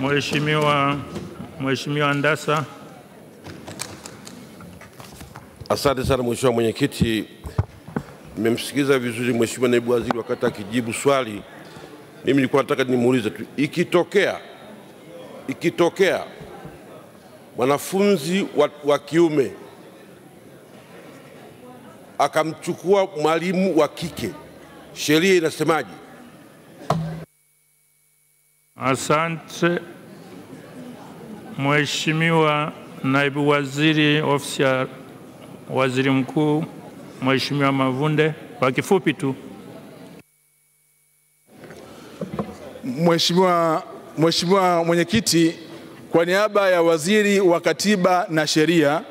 Mheshimiwa Mheshimiwa Ndasa. Asante sana Mheshimiwa Mwenyekiti, nimemsikiliza vizuri Mheshimiwa Naibu Waziri wakati akijibu swali. Mimi nilikuwa nataka nimuulize tu, ikitokea ikitokea mwanafunzi wa, wa kiume akamchukua mwalimu wa kike, sheria inasemaje? Asante Mheshimiwa Naibu Waziri Ofisi ya Waziri Mkuu, Mheshimiwa Mavunde. Kwa kifupi tu, Mheshimiwa Mheshimiwa Mwenyekiti, kwa niaba ya Waziri wa Katiba na Sheria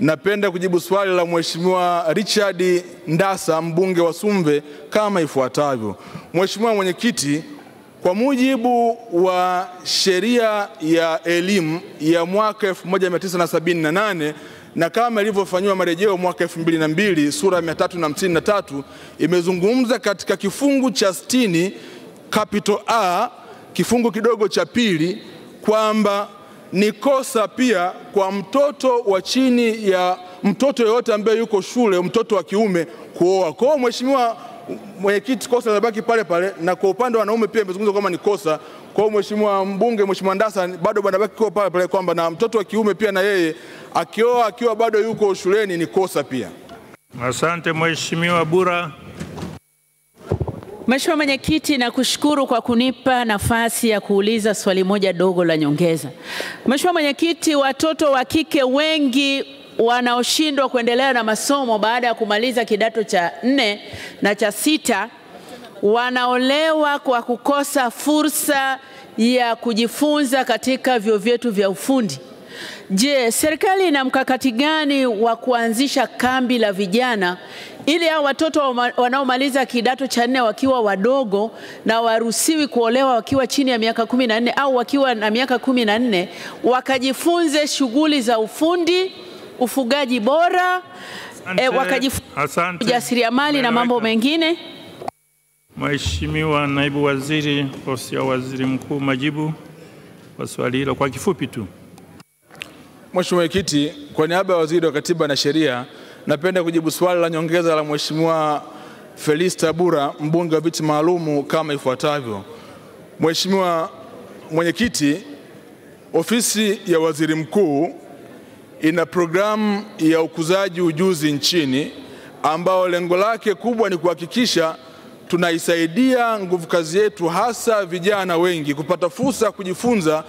napenda kujibu swali la Mheshimiwa Richard Ndasa, mbunge wa Sumbe kama ifuatavyo. Mheshimiwa Mwenyekiti, kwa mujibu wa sheria ya elimu ya mwaka 1978 na, na kama ilivyofanyiwa marejeo mwaka 2002 sura ya 353 imezungumza katika kifungu cha 60 capital A kifungu kidogo cha pili kwamba ni kosa pia kwa mtoto wa chini ya mtoto yeyote ambaye yuko shule, mtoto wa kiume kuoa. Kwa hiyo mheshimiwa mwenyekiti, kosa linabaki pale pale, na kwa upande wa wanaume pia imezungumzwa kama ni kosa. Kwa hiyo mheshimiwa mbunge, mheshimiwa Ndasa bado banabaki kwa pale pale kwamba na mtoto wa kiume pia na yeye akioa akiwa bado yuko shuleni ni kosa pia. Asante mheshimiwa Bura. Mheshimiwa Mwenyekiti, nakushukuru kwa kunipa nafasi ya kuuliza swali moja dogo la nyongeza. Mheshimiwa Mwenyekiti, watoto wa kike wengi wanaoshindwa kuendelea na masomo baada ya kumaliza kidato cha nne na cha sita wanaolewa kwa kukosa fursa ya kujifunza katika vyuo vyetu vya ufundi. Je, serikali ina mkakati gani wa kuanzisha kambi la vijana ili hao watoto wanaomaliza kidato cha nne wakiwa wadogo na waruhusiwi kuolewa wakiwa chini ya miaka kumi na nne au wakiwa na miaka kumi na nne wakajifunze shughuli za ufundi ufugaji bora e, eh, wakajifunza ujasiriamali na mambo mengine. Mheshimiwa Naibu Waziri, Ofisi ya Waziri Mkuu, majibu kwa swali hilo kwa kifupi tu. Mheshimiwa Mwenyekiti, kwa niaba ya Waziri wa Katiba na Sheria, napenda kujibu swali la nyongeza la Mheshimiwa Felista Bura, mbunge wa viti maalumu kama ifuatavyo. Mheshimiwa Mwenyekiti, Ofisi ya Waziri Mkuu ina programu ya ukuzaji ujuzi nchini ambao lengo lake kubwa ni kuhakikisha tunaisaidia nguvu kazi yetu hasa vijana wengi kupata fursa ya kujifunza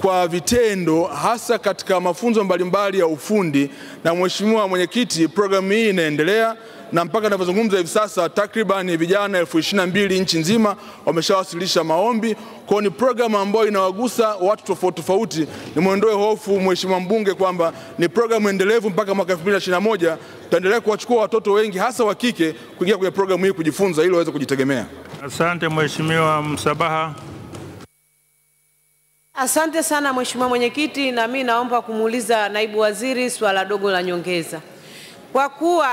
kwa vitendo hasa katika mafunzo mbalimbali ya ufundi. Na Mheshimiwa Mwenyekiti, programu hii inaendelea na mpaka ninavyozungumza hivi sasa takriban vijana elfu ishirini nchi nzima wameshawasilisha maombi. Kwa ni programu ambayo inawagusa watu tofauti tofauti. Nimwondoe hofu mheshimiwa mbunge kwamba ni programu endelevu mpaka mwaka 2021 tutaendelea kuwachukua watoto wengi hasa wa kike kuingia kwenye programu hii kujifunza ili waweze kujitegemea. Asante mheshimiwa Msabaha. Asante sana mheshimiwa mwenyekiti, na mimi naomba kumuuliza naibu waziri swala dogo la nyongeza kwa kuwa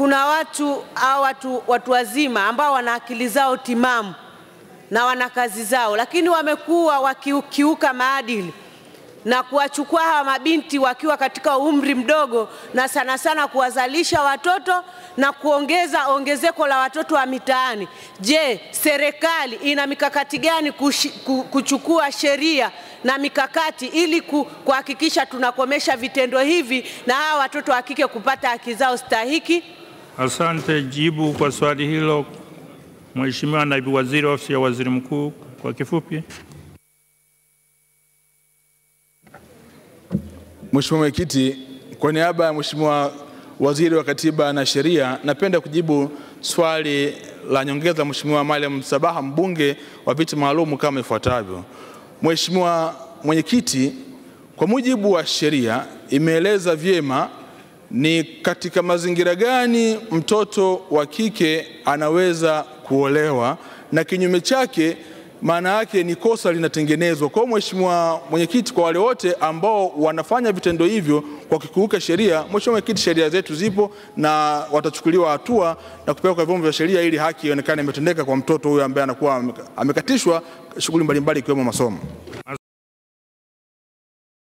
kuna watu au watu, watu wazima ambao wana akili zao timamu na wana kazi zao, lakini wamekuwa wakiukiuka maadili na kuwachukua hawa mabinti wakiwa katika umri mdogo, na sana sana kuwazalisha watoto na kuongeza ongezeko la watoto wa mitaani. Je, serikali ina mikakati gani kuchukua sheria na mikakati ili kuhakikisha tunakomesha vitendo hivi na hawa watoto wa kike kupata haki zao stahiki? Asante. Jibu kwa swali hilo, Mheshimiwa Naibu Waziri, Ofisi ya Waziri Mkuu, kwa kifupi. Mheshimiwa Mwenyekiti, kwa niaba ya Mheshimiwa Waziri wa Katiba na Sheria, napenda kujibu swali la nyongeza Mheshimiwa Maalim Sabaha, mbunge wa viti maalum, kama ifuatavyo. Mheshimiwa Mwenyekiti, kwa mujibu wa sheria imeeleza vyema ni katika mazingira gani mtoto wa kike anaweza kuolewa, na kinyume chake maana yake ni kosa linatengenezwa. Kwa Mheshimiwa Mwenyekiti, kwa wale wote ambao wanafanya vitendo hivyo kwa kukiuka sheria, Mheshimiwa Mwenyekiti, sheria zetu zipo na watachukuliwa hatua na kupewa kwa vyombo vya sheria ili haki ionekane imetendeka kwa mtoto huyo ambaye anakuwa amekatishwa shughuli mbalimbali ikiwemo masomo.